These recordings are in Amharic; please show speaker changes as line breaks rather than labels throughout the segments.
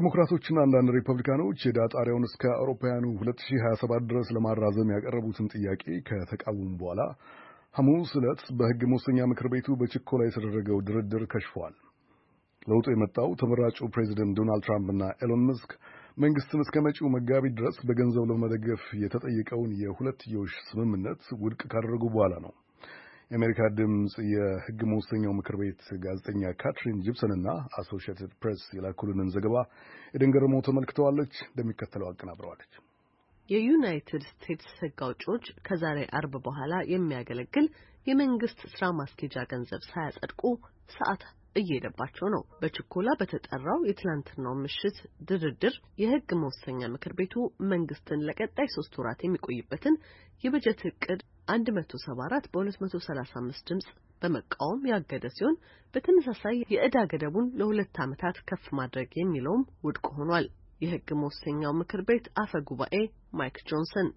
ዲሞክራቶችና አንዳንድ ሪፐብሊካኖች የዕዳ ጣሪያውን እስከ አውሮፓውያኑ 2027 ድረስ ለማራዘም ያቀረቡትን ጥያቄ ከተቃወሙ በኋላ ሐሙስ ዕለት በሕግ መወሰኛ ምክር ቤቱ በችኮላ የተደረገው ድርድር ከሽፏል። ለውጡ የመጣው ተመራጩ ፕሬዚደንት ዶናልድ እና ኤሎን መስክ መንግሥትን እስከ መጪው መጋቢት ድረስ በገንዘብ ለመደገፍ የተጠየቀውን የሁለትዮሽ ስምምነት ውድቅ ካደረጉ በኋላ ነው። የአሜሪካ ድምፅ የሕግ መወሰኛው ምክር ቤት ጋዜጠኛ ካትሪን እና አሶሺየትድ ፕሬስ የላኩልንን ዘገባ ኤደን ተመልክተዋለች፣ እንደሚከተለው አቀናብረዋለች።
የዩናይትድ ስቴትስ ሕግ አውጪዎች ከዛሬ አርብ በኋላ የሚያገለግል የመንግስት ስራ ማስኬጃ ገንዘብ ሳያጸድቁ ሰዓት እየሄደባቸው ነው። በችኮላ በተጠራው የትላንትናው ምሽት ድርድር የህግ መወሰኛ ምክር ቤቱ መንግስትን ለቀጣይ ሶስት ወራት የሚቆይበትን የበጀት እቅድ 174 በ235 ድምፅ በመቃወም ያገደ ሲሆን በተመሳሳይ የዕዳ ገደቡን ለሁለት ዓመታት ከፍ ማድረግ የሚለውም
ውድቅ ሆኗል። የሕግ
መወሰኛው ምክር ቤት አፈ ጉባኤ ማይክ ጆንሰን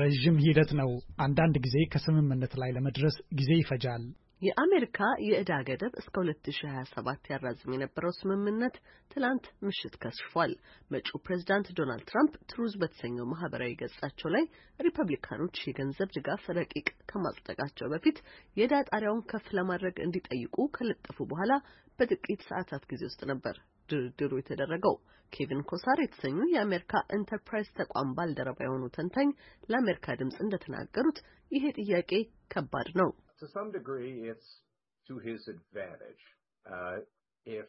ረዥም
ሂደት ነው። አንዳንድ ጊዜ ከስምምነት ላይ ለመድረስ ጊዜ ይፈጃል።
የአሜሪካ የዕዳ ገደብ እስከ 2027 ያራዝም የነበረው ስምምነት ትላንት ምሽት ከስፏል። መጪው ፕሬዚዳንት ዶናልድ ትራምፕ ትሩዝ በተሰኘው ማህበራዊ ገጻቸው ላይ ሪፐብሊካኖች የገንዘብ ድጋፍ ረቂቅ ከማጽደቃቸው በፊት የዕዳ ጣሪያውን ከፍ ለማድረግ እንዲጠይቁ ከለጠፉ በኋላ በጥቂት ሰዓታት ጊዜ ውስጥ ነበር ድርድሩ የተደረገው። ኬቪን ኮሳር የተሰኙ የአሜሪካ ኢንተርፕራይዝ ተቋም ባልደረባ የሆኑ ተንታኝ ለአሜሪካ ድምፅ እንደተናገሩት ይሄ ጥያቄ ከባድ ነው to some degree, it's to his advantage. Uh, if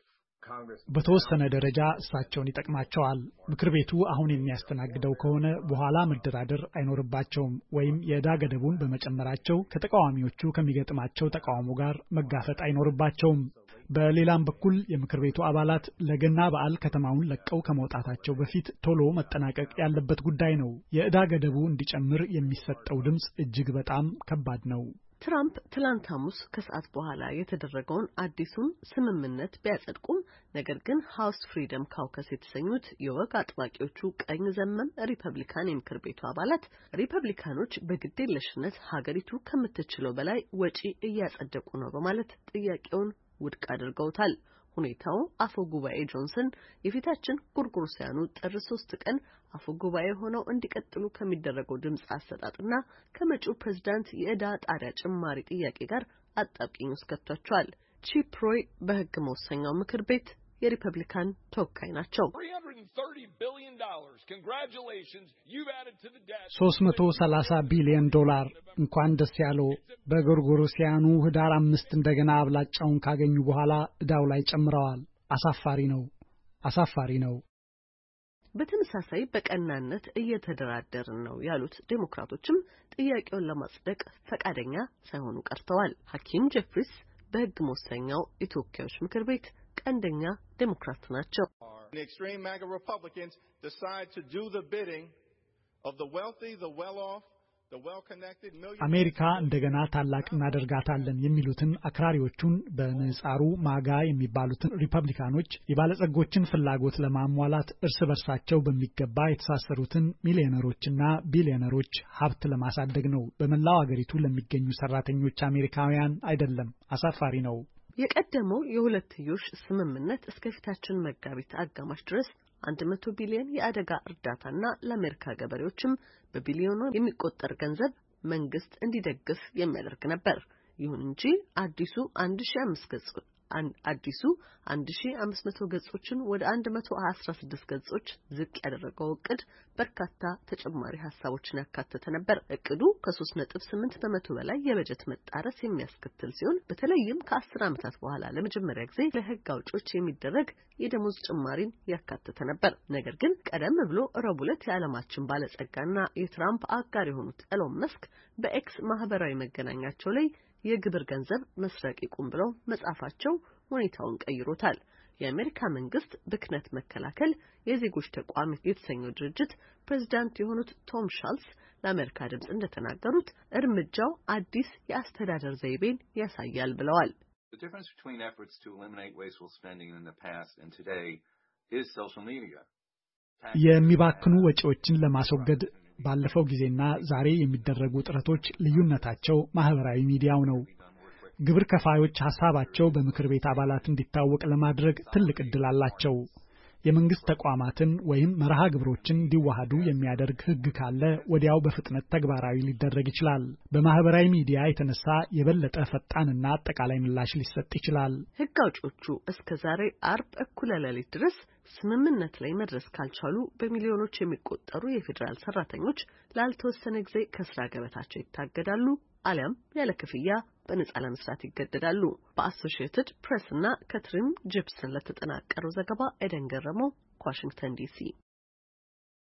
በተወሰነ
ደረጃ እሳቸውን ይጠቅማቸዋል። ምክር ቤቱ አሁን የሚያስተናግደው ከሆነ በኋላ መደራደር አይኖርባቸውም ወይም የዕዳ ገደቡን በመጨመራቸው ከተቃዋሚዎቹ ከሚገጥማቸው ተቃውሞ ጋር መጋፈጥ አይኖርባቸውም። በሌላም በኩል የምክር ቤቱ አባላት ለገና በዓል ከተማውን ለቀው ከመውጣታቸው በፊት ቶሎ መጠናቀቅ ያለበት ጉዳይ ነው። የዕዳ ገደቡ እንዲጨምር የሚሰጠው ድምፅ እጅግ በጣም ከባድ ነው።
ትራምፕ ትላንት ሐሙስ ከሰዓት በኋላ የተደረገውን አዲሱን ስምምነት ቢያጸድቁም ነገር ግን ሀውስ ፍሪደም ካውከስ የተሰኙት የወግ አጥባቂዎቹ ቀኝ ዘመም ሪፐብሊካን የምክር ቤቱ አባላት ሪፐብሊካኖች በግዴለሽነት ሀገሪቱ ከምትችለው በላይ ወጪ እያጸደቁ ነው በማለት ጥያቄውን ውድቅ አድርገውታል። ሁኔታው አፈ ጉባኤ ጆንሰን የፊታችን ሲያኑ ጥር ሶስት ቀን አፈ ጉባኤ ሆነው እንዲቀጥሉ ከሚደረገው ድምፅ አሰጣጥና ከመጪው ፕሬዝዳንት የዕዳ ጣሪያ ጭማሪ ጥያቄ ጋር አጣብቂኝ ውስጥ ከቷቸዋል። ቺፕሮይ በህግ መወሰኛው ምክር ቤት የሪፐብሊካን ተወካይ ናቸው።
330 ቢሊዮን ዶላር እንኳን ደስ ያለው። በጎርጎሮሲያኑ ህዳር አምስት እንደገና አብላጫውን ካገኙ በኋላ እዳው ላይ ጨምረዋል። አሳፋሪ ነው፣ አሳፋሪ ነው።
በተመሳሳይ በቀናነት እየተደራደርን ነው ያሉት ዴሞክራቶችም ጥያቄውን ለማጽደቅ ፈቃደኛ ሳይሆኑ ቀርተዋል። ሐኪም ጀፍሪስ በህግ መወሰኛው የተወካዮች ምክር ቤት ቀንደኛ ዴሞክራት
ናቸው። አሜሪካ እንደገና ታላቅ እናደርጋታለን የሚሉትን አክራሪዎቹን በምህጻሩ ማጋ የሚባሉትን ሪፐብሊካኖች የባለጸጎችን ፍላጎት ለማሟላት እርስ በርሳቸው በሚገባ የተሳሰሩትን ሚሊዮነሮችና ቢሊዮነሮች ሀብት ለማሳደግ ነው። በመላው አገሪቱ ለሚገኙ ሰራተኞች አሜሪካውያን አይደለም። አሳፋሪ ነው።
የቀደመው የሁለትዮሽ ስምምነት እስከፊታችን መጋቢት አጋማሽ ድረስ 100 ቢሊዮን የአደጋ እርዳታና ለአሜሪካ ገበሬዎችም በቢሊዮኑ የሚቆጠር ገንዘብ መንግስት እንዲደግፍ የሚያደርግ ነበር። ይሁን እንጂ አዲሱ 1500 ገጽ አዲሱ 1500 ገጾችን ወደ 116 ገጾች ዝቅ ያደረገው እቅድ በርካታ ተጨማሪ ሀሳቦችን ያካተተ ነበር። እቅዱ ከ3.8 በመቶ በላይ የበጀት መጣረስ የሚያስከትል ሲሆን በተለይም ከ10 ዓመታት በኋላ ለመጀመሪያ ጊዜ ለህግ አውጮች የሚደረግ የደሞዝ ጭማሪን ያካተተ ነበር። ነገር ግን ቀደም ብሎ ረቡዕ ዕለት የዓለማችን ባለጸጋና የትራምፕ አጋር የሆኑት ኤሎን መስክ በኤክስ ማህበራዊ መገናኛቸው ላይ የግብር ገንዘብ መስረቅ ይቁም ብለው መጻፋቸው ሁኔታውን ቀይሮታል። የአሜሪካ መንግስት ብክነት መከላከል የዜጎች ተቋም የተሰኘው ድርጅት ፕሬዚዳንት የሆኑት ቶም ሻልስ ለአሜሪካ ድምፅ እንደተናገሩት እርምጃው አዲስ የአስተዳደር ዘይቤን ያሳያል ብለዋል።
የሚባክኑ ወጪዎችን ለማስወገድ ባለፈው ጊዜና ዛሬ የሚደረጉ ጥረቶች ልዩነታቸው ማህበራዊ ሚዲያው ነው። ግብር ከፋዮች ሀሳባቸው በምክር ቤት አባላት እንዲታወቅ ለማድረግ ትልቅ ዕድል አላቸው። የመንግስት ተቋማትን ወይም መርሃ ግብሮችን እንዲዋሃዱ የሚያደርግ ህግ ካለ ወዲያው በፍጥነት ተግባራዊ ሊደረግ ይችላል። በማህበራዊ ሚዲያ የተነሳ የበለጠ ፈጣንና አጠቃላይ ምላሽ ሊሰጥ ይችላል።
ህግ አውጮቹ እስከ ዛሬ አርብ እኩለ ሌሊት ድረስ ስምምነት ላይ መድረስ ካልቻሉ በሚሊዮኖች የሚቆጠሩ የፌዴራል ሰራተኞች ላልተወሰነ ጊዜ ከስራ ገበታቸው ይታገዳሉ አሊያም ያለ ክፍያ በነጻ ለመስራት ይገደዳሉ። ፕሬስ ፕሬስና ከትሪም ጂፕሰን ለተጠናቀረው ዘገባ ኤደን ገረመው ከዋሽንግተን ዲሲ